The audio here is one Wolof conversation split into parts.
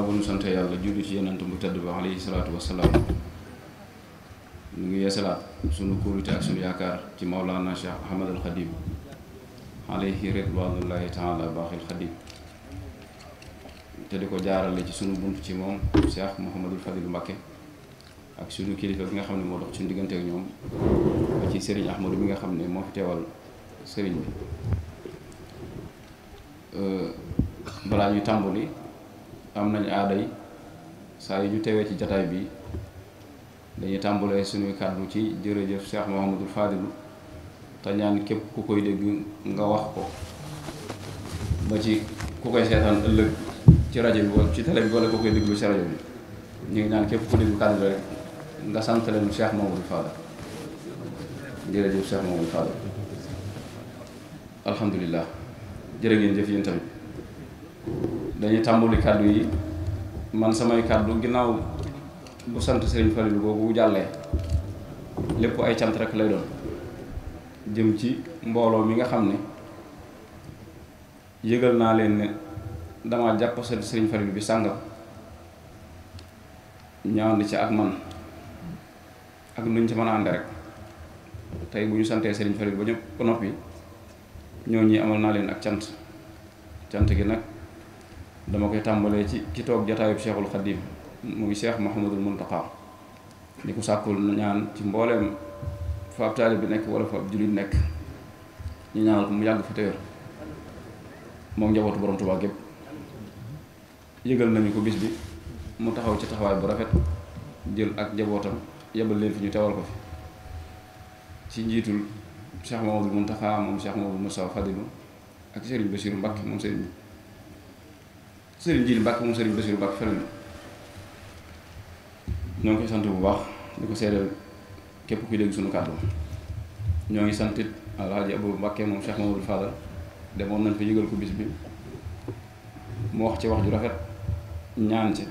ginnaaw bu sant yàlla julli ci yonent bu tedd ba sunu kóolute yaakaar ci Maulana Cheikh Ahmad te di ko jaarale ci sunu bunt ci moom Cheikh Mouhamadul Fadil Mbakke ak sunu kilifa bi nga xam ne moo dox suñu diggante ak ñoom ba ci Serigne Ahmadou bi nga xam ne moo fi teewal sëriñ bi euh, balaa ñuy tàmbali. am nañ aaday saa yu ñu teewee ci jataay bi dañuy tàmbalee suñuy kàddu ci jërëjëf Cheikh Mouhamadul Fadilu te ñaan képp ku koy dégg nga wax ko ba ci ku koy seetaan ëllëg ci rajo bi wala ci télé bi wala ku koy déglu ci rajo bi ñu ngi ñaan képp ku déglu kàddu rek nga sant leen Cheikh Mouhamadul Fadil jërëjëf Cheikh Mouhamadul Fadil alhamdulilah jërë ngeen jëf yéen tamit. dañuy tàmbali kàddu yi man samay kàddu ginnaaw bu sant Serigne Fallou boobu bu jàllee lépp ay cant rek lay doon jëm ci mbooloo mi nga xam ni yëgal naa leen ne dama jàpp sant Serigne Fallou bi sàngam ñaawandi ci ak man ak nuñ ci mën a ànd rek tey bu ñu santee Serigne Fallou ba ñëpp ba noppi ñoo ñi amal naa leen ak cant cant gi nag dama koy tàmbalee ci ki toog jataayub cheikhul xadim muy cheikh mahamadul muntaqa di ko sàkkul ñaan ci mbooleem fa ab taalib bi nekk wala fa ab jullit nekk ñu ñaanal ko mu yàgg fa téwér moom njabootu borom Tuubaa gépp yëgal nañu ko bis bi mu taxaw ci taxawaay bu rafet jël ak njabootam yebal leen fi ñu teewal ko fi ci njiitul cheikh mahamadul muntaqa moom cheikh mahamadul moussa fadilu ak sëriñ Basiru Mbàkke moom sëriñ bi sëriñ Jili Mbàkke moom sëriñ Basiru Mbàkke feneen ñoo koy sant bu baax di ko seedeel képp ki dégg suñu kàddu ñoo ngi sant it alxaaji Abu Mbàkke moom Cheikh Mamadou Fadal demoon nañ fa yëgal ko bis bi mu wax ci wax ju rafet ñaan ci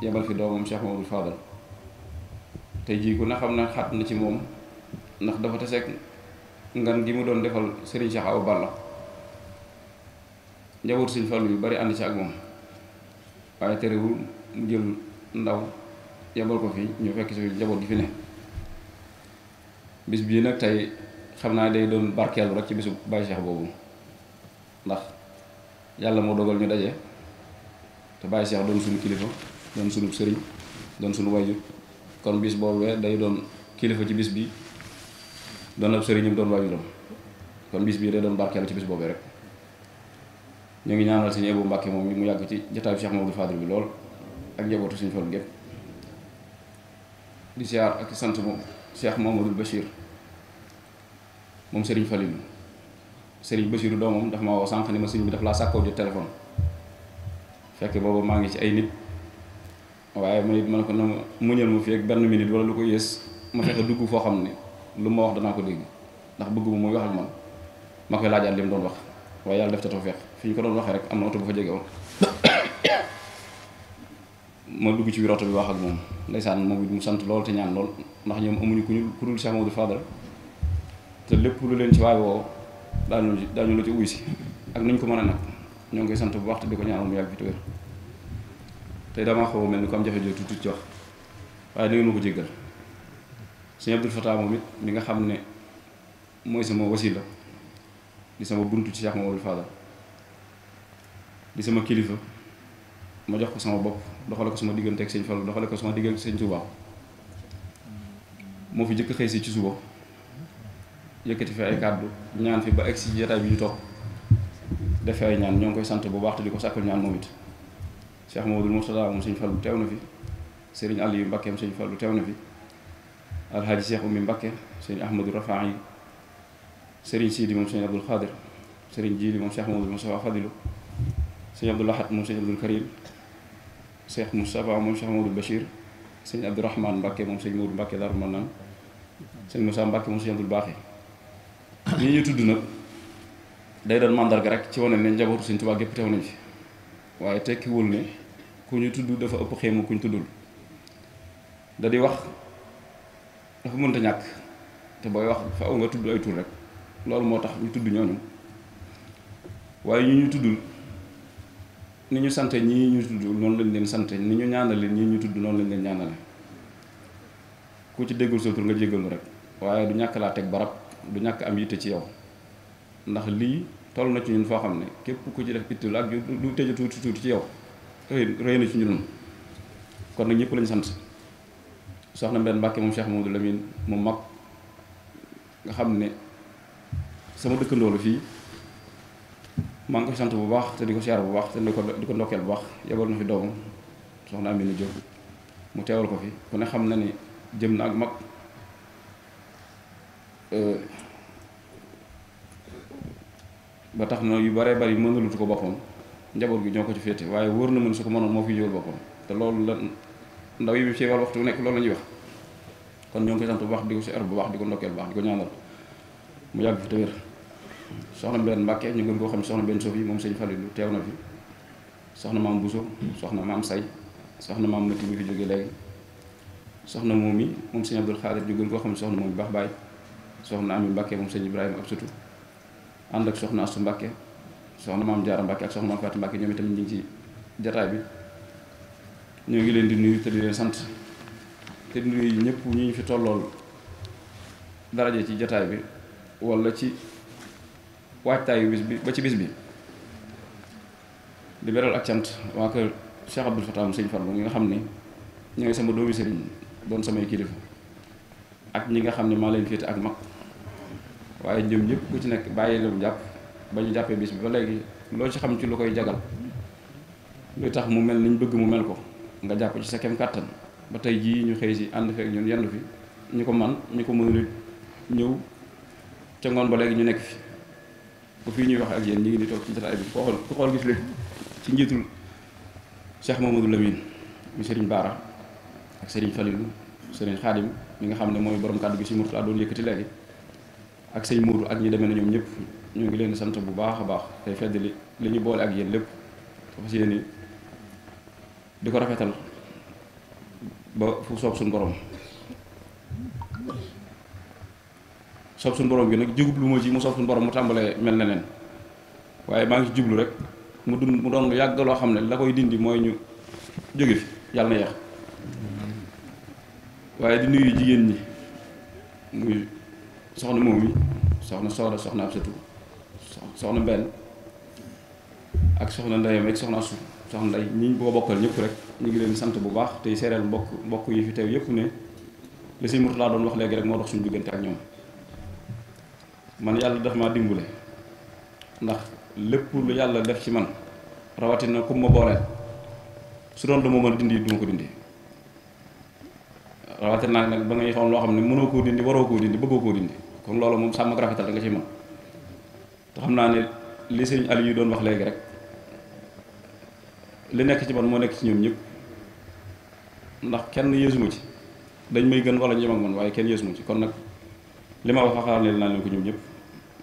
yebal fi doomam Cheikh Mamadou Fadal tey jii ku na xam ne xat na ci moom ndax dafa taseeg ngan gi mu doon defal sëriñ Cheikh Awa Balla njaboot suñ Fallu yu bari ànd ci ak moom waaye terewul mu jël ndaw yebal ko fii ñu fekk si jaboot gi fi ne bis bii nag tey xam naa day doon barkeelu rek ci bisu Baye Cheikh boobu ndax yàlla moo dogal ñu daje te Baye Cheikh doon suñu kilifa doon suñu sëriñ doon suñu waju kon bis boobee day doon kilifa ci bis bi doon ab sëriñam doon waajuram kon bis bii day doon barkeelu ci bis boobee rek ñoo ngi ñaanal sëñ Abo Mbàkke moom ñu mu yàgg ci jotaayu Cheikh Mamadou Fadil bi lool ak njabootu sëñ Fallu gépp di siyaar ak sant moom Cheikh Mamadou moom Serigne Fallu Serigne Bachir doomam dafa ma woo sànq ni ma sëñ bi daf laa sàkkoo jot téléphone fekk boobu maa ngi ci ay nit waaye ma nit ma ne ko na muñal mu fi ak benn minute wala lu ko yées ma fexe dugg foo xam ne lu ma wax danaa ko dégg ndax bëgg bu muy wax ak man ma koy laajaat li mu doon wax waaye fi ñu ko doon waxee rek am na oto bu fa jege woon ma dugg ci biir oto bi wax ak moom ndeysaan moom it mu sant lool te ñaan lool ndax ñoom amuñu ku ñu ku dul Cheikh Amadou Fadal te lépp lu leen ci waay woo daañu daañu la ci si ak nañ ko mën a nag ñoo ngi sant bu waxtu di ko ñaanal mu yàgg fi te wér xaw mel ni ko jafe-jafe tuuti ci wax waaye ko jéggal sëñ Abdou moom it mi nga xam ne mooy sama la di sama buntu ci Cheikh Mamadou Fadal di sama kilifa ma jox ko sama bopp doxale ko sama diggante ak sëñ Fallu doxale ko sama diggante ak sëñ Tuubaa moo fi jëkk xëy si ci suba yëkkati fi ay kàddu ñaan fi ba egg si bi ñu toog def ay ñaan ñoo ngi koy sant bu baax te di ko sàkkul ñaan moom it Cheikh Mamadou Mourtada moom sëñ Fallu teew na fi sëriñ Aliou Mbacke am sëñ Fallu teew na fi alxaaji Cheikh Oumy Mbacke sëriñ Ahmadou Rafaan yi moom sëñ Abdul Xaadir sëriñ Jiili moom Cheikh Mamadou Moustapha Fadilu sëñ Abdul Ahad moom sëñ Abdul Karim Cheikh Moustapha moom Cheikh Modou Bachir sëñ Abdourahmane Mbacke moom sëñ Modou Mbacke Darou Manane sëñ Moussa Mbacke moom sëñ Abdul Baaxe ñi ñu tudd nag day doon mandarga rek ci wane ne njabootu sëñ Tuubaa gépp teew nañ fi waaye tekkiwul ne ku ñu tudd dafa ëpp xéemu ku ñu tuddul wax dafa mënta ñàkk te booy wax fa aw nga tudd ay rek loolu moo tax ñu tudd ñooñu waaye ñu ñu tuddul ni ñu sante ñii ñu tudd noonu lañu leen sante ni ñu ñaanale ñii ñu tudd noonu lañ leen ñaanale ku ci déggul sa tur nga jéggalu rek waaye du ñàkk laa teg barab du ñàkk am yitte ci yow ndax lii toll na ci ñun foo xam ne képp ku ci def itte la ak du tëj tuuti tuuti ci yow rëy na ci ñun kon nag ñëpp lañ sant soxna Mbène Mbacke moom Cheikh Mamadou Lamine mu mag nga xam ne sama dëkkandoolu fii maa ngi koy sant bu baax te di ko siyaar bu baax te di ko di ko ndokkeel bu baax yebal na fi doomam soxna Amina Diop mu teewal ko fi ku ne xam na ni jëm na ak mag ba tax na yu baree bari mënalutu ko boppam njaboot gi ñoo ko ci féete waaye wóor na mën su ko mënoon moo fi jóol boppam te loolu la ndaw yi bi ci wàllu waxtu nekk loolu la ñuy wax kon ñoo ngi koy sant bu baax di ko siyaar bu baax di ko ndokkeel bu baax di ko ñaanal mu yàgg fi te wér soxna Mbène Mbacke ñu gën koo xam soxna Mbène Sofi moom sëñ Falilou teew na fi soxna maam Bousso soxna maam Say soxna maam Mati mi fi jóge léegi soxna moom yi moom sëñ Abdul Xaadir ñu gën koo xam soxna moom baax baay soxna Ami Mbacke moom sëñ Ibrahima ab sutu ànd ak soxna Astu Mbacke soxna maam Jaara Mbacke ak soxna maam Fatou Mbacke ñoom itam ñu ngi ci jataay bi ñoo ngi leen di nuyu te di leen sant te nuyu ñëpp ñu ñu fi tollool ci jataay bi waajtaayu bis bi ba ci bis bi di beral ak cant waa kër Cheikh Abdoul Fatah sëñ Fallu ñi nga xam ni ñooy sama doomi sëriñ doon samay kilifa ak ñi nga xam ne maa leen féete ak mag waaye ñoom ñëpp ku ci nekk bàyyi leen jàpp ba ñu jàppee bis bi ba léegi loo ci xam ci lu koy jagal luy tax mu mel niñ bëgg mu mel ko nga jàpp ci sa kem kàttan ba tey jii ñu xëy si ànd feek ñun yendu fi ñu ko man ñu ko mënul ñëw ca ngoon ba léegi ñu nekk fi ba fii ñuy wax ak yéen ñu ngi di toog ci jotaay bi ko xool ko xool gis leen ci njiitul Cheikh Mamadou Lamine mu sëriñ Baara ak Serigne Falilou Serigne Khadim mi nga xam ne mooy borom kàddu gi si Mourtala doon yëkkati léegi ak sëñ Mourou ak ñi demee na ñoom ñëpp ñoo ngi leen di sant bu baax a baax tey fedd li li ñu boole ak yéen lépp dafa si di ko rafetal ba fu soob suñu borom soob suñu borom gi nag jugub lu ma ji mu soob suñu borom mu tàmbalee mel na neneen waaye maa ngi ci jublu rek mu dund mu doon lu yàgg loo xam ne la koy dindi mooy ñu jóge fi yàlla na yeex waaye di nuyu jigéen ñi muy soxna moom yi soxna sooda soxna ab satu soxna benn ak soxna ndeyam ak soxna asu soxna ndey ñi boo bokkal ñëpp rek ñu ngi leen sant bu baax tey seereel mbokk mbokk yi fi teew yëpp ne li sëñ Murtala doon wax léegi rek moo dox suñu diggante ak ñoom man yàlla daf ma dimbule ndax lépp lu yàlla def ci man rawatina ku ma booleel su doon dama mën dindi duma ko dindi rawatina nag ba ngay xam loo xam ne mënoo koo dindi waroo koo dindi bëggoo koo dindi kon loolu moom sàmm ak rafetal da nga ci mën te xam naa ne li sëñ Aliou yu doon wax léegi rek li nekk ci man moo nekk ci ñoom ñëpp ndax kenn yéesuma ci dañ may gën wala ñoom ak man waaye kenn yéesuma ci kon nag li ma wax waxaar naa leen ko ñoom ñëpp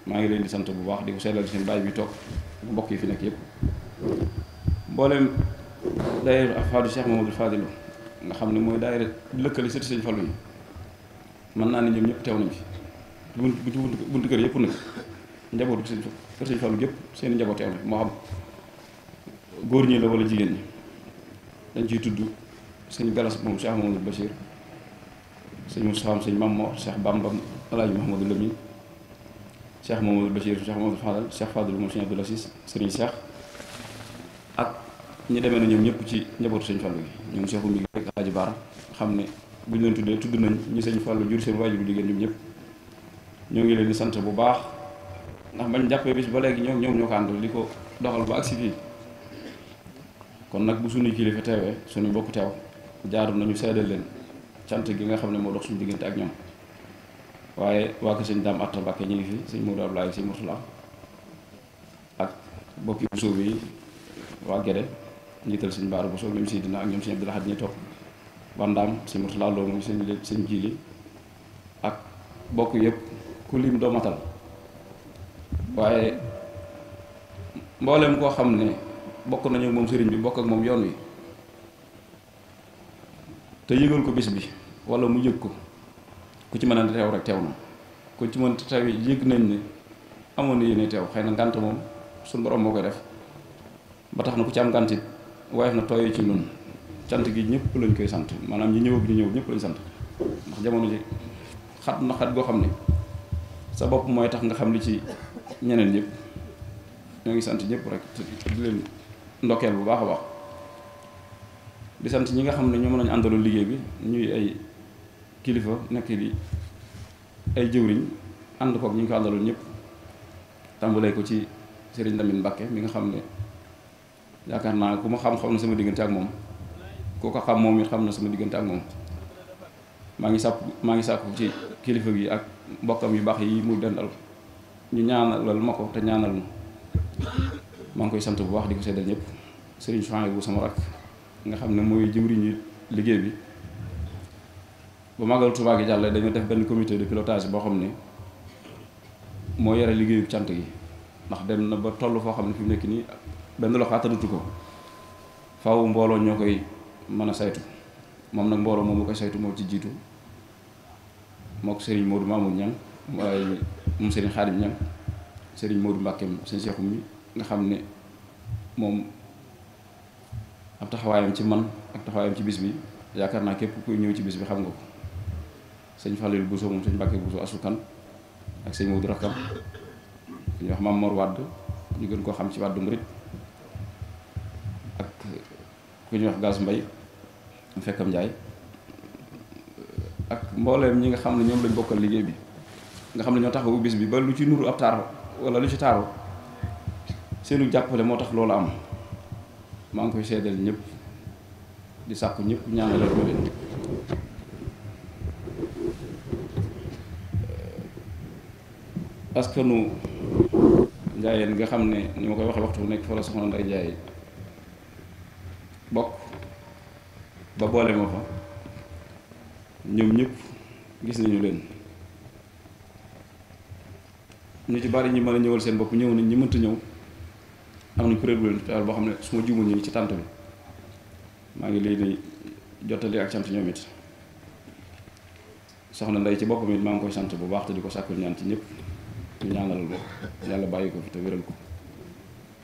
maa ngi leen di sant bu baax di ko seetlal seen baay bi toog bokk yi fi nekk yëpp mboolem daayira Afadu Cheikh Mamadou Fadilu nga xam ne mooy daayira lëkkale sëti sëñ Fallu yi mën naa ne ñoom ñëpp teew nañ fi bunt buntu kër yëpp nag njabootu sëñ kër sëñ Fallu seen njaboot teew nañ moo xam góor ñi la jigéen ñi dañ ciy tudd sëñ Galas moom Cheikh Mamadou sëñ Moussa sëñ Mamoor Cheikh Cheikh Mamadou Bachir Cheikh Mamadou Fadal Cheikh Fadal moom Cheikh Abdoul Aziz Serigne Cheikh ak ñi demee na ñoom ñëpp ci njabootu Serigne Fallou gi ñoom Cheikh Oumy ak Aji Baara xam ne bu ñu leen tuddee tudd nañ ñu Serigne Fallou jur seen waajur bu jigéen ñoom ñëpp ñoo ngi leen di sant bu baax ndax bañ jàppee ba léegi ñoom ñoo ko àndal di ko doxal ba agsi fii kon nag bu suñu kilifa teewee suñu bokk teew jaaru nañu seedal leen cant gi nga xam ne moo dox suñu diggante ak ñoom waaye waa ko sëñ Daam Atta Mbàkke ñu ngi fi sëñ laa Ablaay sëñ Murtala ak bokki bu suuf yi waa Gede njiital sëñ Baara Bousso ñoom Sidina ak ñoom sëñ Abdul Ahad ñuy topp bandaam sëñ Murtala loolu moom sëñ sëñ Jili ak bokk yépp ku lim doo waaye mboolem koo xam ne bokk nañu moom sëriñ bi bokk ak moom yoon wi te yëgal ko bis bi wala mu yëg ko ku ci mën a teew rek teew na ku ci mën teew yi yëg nañ ni amoon na yéene teew xay na ngànt moom suñ borom moo koy def ba tax na ku ci am ngànt it waaye na tooyee ci ñun sant gi ñëpp lañ koy sant maanaam ñi ñëw ak ñëw ñëpp lañ sant ndax jamono ji xat na xat goo xam ne sa bopp mooy tax nga xam li ci ñeneen ñëpp ñoo ngi sant ñëpp rek di leen ndokkeel bu baax a baax di sant ñi nga xam ne ñoo mën nañu àndaloo liggéey bi ñuy ay. kilifa nekk di ay jëwriñ ànd kook ñu ngi ko àndaloon ñëpp tàmbalee ko ci Serigne Lamine Mbacke mi nga xam ne yaakaar naa ku ma xam xam na sama diggante ak moom koo ko xam moom it xam na sama diggante ak moom maa ngi sàpp maa ngi sàpp ci kilifa gi ak mbokkam yu baax yi mu dendal ñu ñaanalal ma ko te ñaanal ma maa ngi koy sant bu baax di ko seddal ñëpp Serigne Chouaïbou bu sama rakk nga xam ne mooy jëwriñu liggéey bi bu magal Tuubaa gi jàllee dañu def benn comité de pilotage boo xam ne moo yore liggéeyu cant gi ndax dem na ba toll foo xam ne fi mu nekk nii benn loxo attanatu ko faaw mbooloo ñoo koy mën a saytu moom nag mbooloo moom mu koy saytu moo ci jiitu moo ko Serigne Modou Mamour Niang waaye moom Serigne Khadim Niang Serigne Modou Mbacke Serigne nga xam ne moom ab taxawaayam ci man ak taxawaayam ci bis bi yaakaar naa képp kuy ñëw ci bis bi xam nga ko. sëñ Fallou Bousso moom sëñ Mbacke Bousso asukan ak sëñ Modou Rakam ku ñuy wax Mame Mor Wade ñu gën koo xam ci wàddu murit ak ku ñuy wax gas Mbay fekkam Njaay ak mbooleem ñi nga xam ne ñoom lañ bokkal liggéey bi nga xam ne ñoo taxawu bis bi ba lu ci nuru ab taar wala lu ci taaru seenu jàppale moo tax loolu am maa ngi koy seedeel ñëpp di sàkku ñépp ñaanalal ko leen askanu njaayeen nga xam ne ñu ma koy waxee waxtu bu nekk fa la soxna Ndey Njaay bokk ba boole ma fa ñoom ñëpp gis nañu leen ñu ci bari ñi mën a ñëwal seen bopp ñëw nañ ñi mënta ñëw am na kuréel bu leen taal boo xam ne su ma juumul ñu ngi ci tànt bi maa ngi leen di jottali ak sant ñoom soxna Ndey ci boppam it maa ngi koy sant bu baax te di ko sàkkul ñaan ci ñëpp ñu ñaanal ko yàlla bàyyi ko fi te wéral ko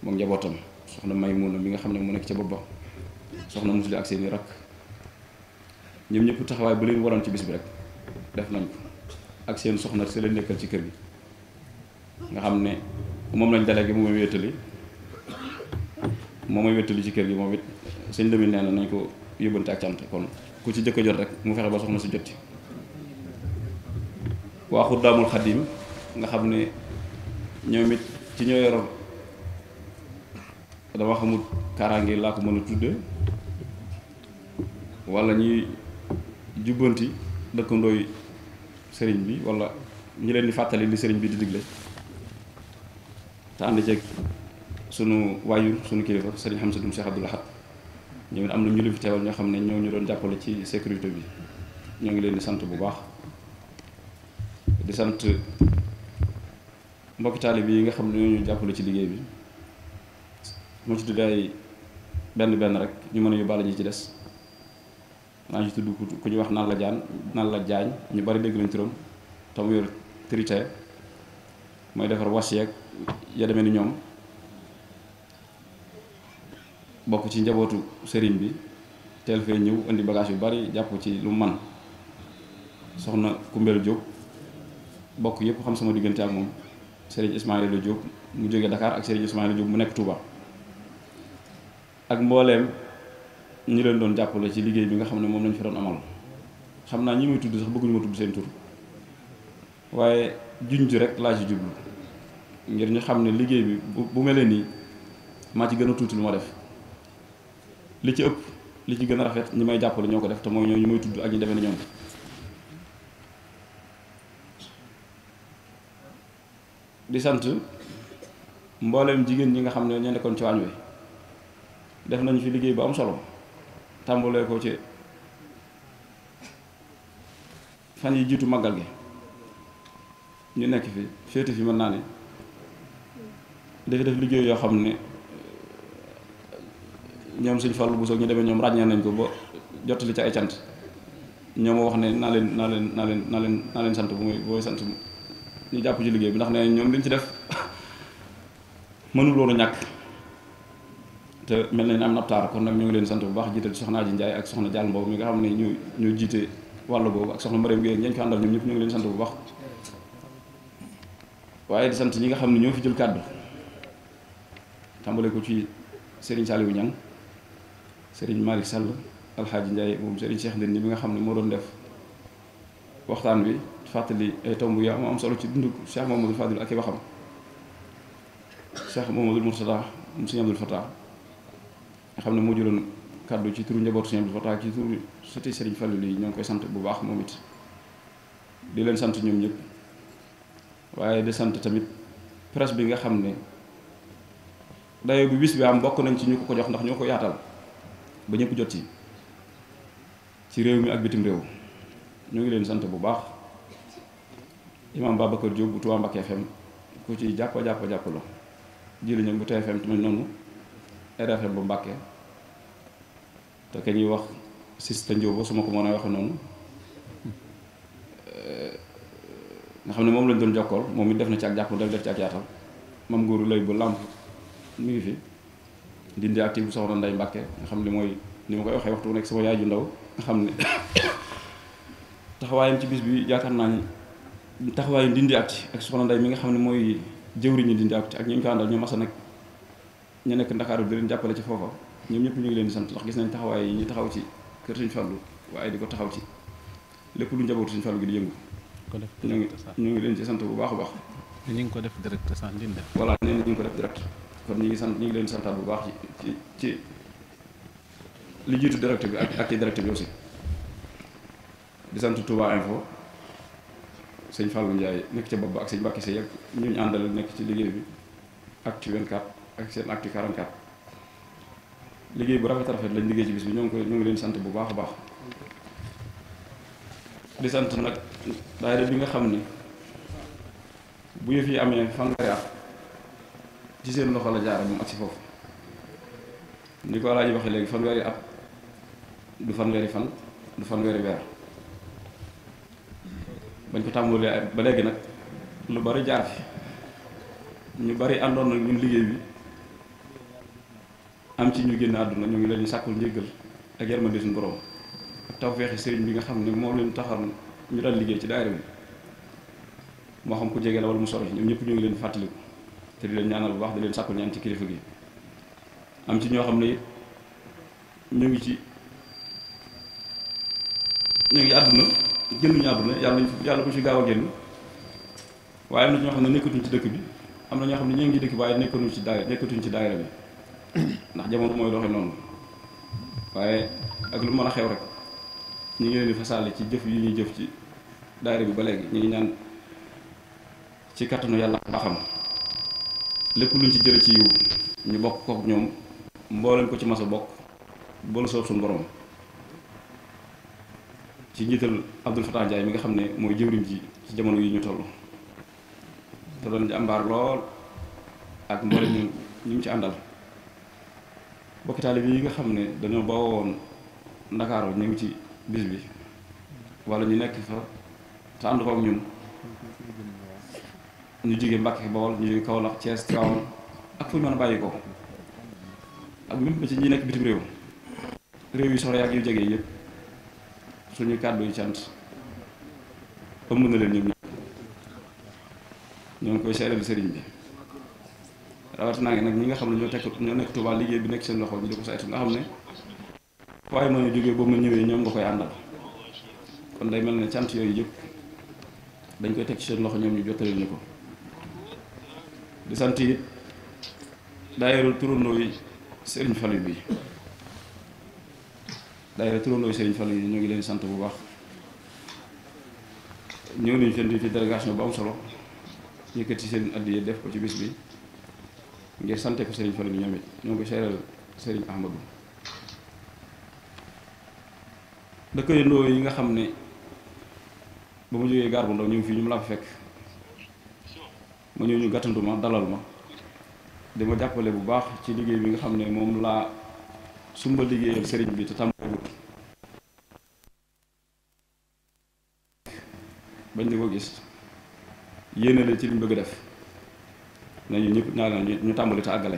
moom njabootam soxna Maymuna mi nga xam ne mu nekk ca boppam soxna musli ak seeni rakk ñoom ñëpp taxawaay bu leen waroon ci bis bi rek def nañ ak seen soxna si la ci kër gi nga xam ne moom lañ dalee gi moom mooy wéttali moom mooy wéttali ci kër gi moom it sëñ Lamine nee na nañ ko yóbbante ak cant kon ku ci jëkk a jot rek mu fexe ba soxna si jot ci waa Xuddaamul Xadim nga xam ne ñoom it ci ñoo yoroon dama xamul kaaraange laa ko mën a tudde wala ñuy jubbanti dëkkandooy sëriñ bi wala ñi leen di fàttali li sëriñ bi di digle te ànd ceeg sunu waayur sunu kilifa sëriñ Hamza Dum Cheikh Abdou Lahad ñoom it am na ñu leen fi ñoo xam ne ñoo ñu doon jàppale ci sécurité bi ñoo ngi leen di sant bu baax di sant mbokki taalib yi nga xam ne ñoo ñu jàppale ci liggéey bi moo ci benn benn rek ñu mën a yóbbaale ñi ci des naa ñu tudd ku ñu wax nan la jaan nan la jaañ ñu bari dégg lañ turam te mu yor mooy defar was yeeg ya demee ni ñoom bokk ci njabootu sëriñ bi teel fee ñëw indi bagage yu bari jàpp ci lu man soxna Kumbel jóg bokk yëpp xam sama diggante ak moom Serigne Ismaïla Diop mu jóge Dakar ak Serigne Ismaïla Diop mu nekk Touba ak mbooleem ñi leen doon jàppale ci liggéey bi nga xam ne moom lañ fi doon amal xam naa ñi muy tudd sax bëgguñu ma tudd seen tur waaye juñ ji rek laa ci jublu ngir ñu xam ne liggéey bi bu mel nii maa ci gën a tuuti lu ma def li ci ëpp li ci gën a rafet ñi may jàppale ñoo ko def te mooy ñoo ñu may tudd ak ñu defee ne ñoom di sant mbooleem jigéen ñi nga xam ne ñoo nekkoon ci waañ wi def nañu fi liggéey bu am solo tàmbalee ko ci fan yi jiitu màggal gi ñu nekk fi féete fi mën naa ni dafa def liggéey yoo xam ne ñoom suñ fol bu soog ñu demee ñoom ràññeer nañ ko ba jottali ci ay cant ñoom wax ne naa leen naa leen naa leen naa leen leen sant bu muy bu muy sant ñu jàpp ci liggéey bi ndax ne ñoom liñ ci def mënul ñàkk te mel nañ am naptaar kon nag ñu ngi leen sant bu baax jiital soxna Aji Njaay ak soxna Jàll Mbow mi nga xam ne ñu ñoo jiite wàll boobu ak soxna Mariam Gueye ñañ ko àndal ñoom ñëpp ñu ngi leen sant bu baax waaye di sant ñi nga xam ne ñoo fi jël kàddu tàmbale ko ci Serigne Saliou Niang Serigne Malick Sall Alxaaji Njaay moom Serigne Cheikh Ndine mi nga xam ne moo doon def waxtaan wi fàttali ay tomb yu am am solo ci dundu Cheikh Mamadou Fadil ak i waxam Cheikh Mamadou Mourtada mu Sëñ Abdou Fatah nga xam ne moo jëloon kàddu ci turu njabootu Sëñ Abdou Fatah ci turu sëti Sëriñ Fallu yi ñoo ngi bu baax moom it di leen sant ñoom ñëpp waaye sant tamit presse bi nga xam ne dayo bu bis am bokk nañ ci ñu ko ko jox ndax ñoo ko yaatal ba ñëpp jot ci ci réew mi ak bitim réew ñu ngi leen sant bu baax imaam Babacar Diop bu Touba Mbacké FM ku ci jàpp jàpp jàppaloo jili ñëg bu TFM tamit noonu RFM bu Mbacké te ka ñuy wax sista Ndiobo su ma ko mën a waxee noonu eh, nga xam ne moom lañ doon jokkool moom it def na ci ak jàpp def def ci ak yaatal mam ngóoru lay bu làmp mi ngi fi dindi active bu soxna Ndeye Mbacké nga xam ne mooy ni ma koy waxee waxtu nekk sama yaay ju ndaw nga xam ne taxawaayam ci bis bi yaakaar naa ni taxawaayu Ndindy Actu ak soxna Ndeye mi nga xam ne mooy jëwriñu Ndindy Actu ak ñu ko àndal ñoom Assane ak ñu nekk Ndakaaru di leen jàppale ci foofa ñoom ñëpp ñu ngi leen sant ndax gis nañ taxawaay yi ñu taxaw ci kër Sëñ Fallu waaye di ko taxaw ci lépp lu njabootu Sëñ Fallu gi di yëngu ñu ngi leen ci bu baax a baax ñu ngi ko def direct saa Ndindy voilà nee na ñu ngi ko def direct kon ñu ngi sant ñu ngi leen santaat bu baax ci ci li jiitu direct bi ak ci direct bi si di sant Touba Info sëñ Fallou Ndiaye nekk ca bopp ba ak sëñ Mbacke Seye ak ñu ñu àndal nekk ci liggéey bi actu 24 ak seen actu 44 liggéey bu rafet rafet lañ liggéey ci bis bi ñoo ngi koy ñoo ngi leen sant bu baax a baax di sant nag daayira bi nga xam ne bu yëf yi amee fanweeri at ci seen loxo la jaara moom ak si foofu ni ko alaaji waxe léegi fanweeri at du fanweeri fan du fanweeri weer bañ ko tàmbalee ba léegi nag lu bari jaar fi ñu bari àndoon nag ñun liggéey bi am ci ñu génn àdduna ñu ngi leen di sàkkul njéggal ak yërmande suñu borom ak tawféexi sëriñ bi nga xam ne moom leen taxoon ñu daan liggéey ci daayira bi moo xam ku jege la wala mu sori ñoom ñëpp ñu ngi leen fàttaliku te di leen ñaanal bu baax di leen sàkkul ñaan ci kilifa gi am ci ñoo xam ne ñu ngi ci ñu ngi àdduna génnuñu àdduna yàlla yàlla ko ci gaaw a génn waaye am na ñoo xam ne nekkatuñ ci dëkk bi am na ñoo xam ne ñu ngi dëkk baay waaye nekkatuñ ci daay nekkatuñ ci daayira bi ndax jamono mooy doxe noonu waaye ak lu mën a xew rek ñu ngi leen di ci jëf yi ñuy jëf ci daayira bi ba léegi ñu ngi ñaan ci kattanu yàlla baaxam lépp luñ ci jële ci yiw ñu bokk kook ñoom mboolem ko ci mas a bokk boolu soob suñu ci njiital Abdoul Fatah Ndiaye mi nga xam ne mooy jëwriñ ji ci jamono yi ñu toll te doon jàmbaar lool ak mboolem ñu ñu ngi ci àndal bokki taalibe yi nga xam ne dañoo bawoo woon ñu ngi ci bis bi wala ñu nekk fa te ànd ko ak ñun ñu jóge Mbàkke Bawol ñu jóge Kaolack Thiès Tivaouane ak fu ñu mën bàyyi ko ak même ba ci ñi nekk bitim réew réew yu sore ak yu jege yëpp. suñu kàddu yu cant ëmb na leen ñoom ñoo ngi koy seeral sëriñ bi rawat naa ngi nag ñi nga xam ne ñoo tekk ñoo nekk Tuubaa liggéey bi nekk seen loxo ñu di ko saytu xam ne waaye mën a jógee boo ma ñëwee ñoom nga koy àndal kon day mel ne cant yooyu yëpp dañ koy teg ci seen loxo ñoom ñu jottali ñu ko di sant it daayirul turandoo yi sëriñ Fallu bi daayira turandoo Serigne Fallou yi ñu ngi leen sant bu baax ñëw nañu fenn ci délégation bu am solo yëkkati seen addiya def ko ci bis bi ngir sante ko Serigne Fallou bi ñoo ngi ko seeral Serigne Ahmadou dëkkandoo yi nga xam ne ba ma jógee gaar bu ndaw ñu fii ñu laa fa fekk ma ñëw ñu gàttandu ma dalal ma dama jàppale bu baax ci liggéey bi nga xam ne moom laa sumba liggéeyal sëriñ bi te tàmbaliwul bañ di ko gis yéene la ci liñ bëgg def nañu ñëpp ñaanal ñu tàmbali te àggale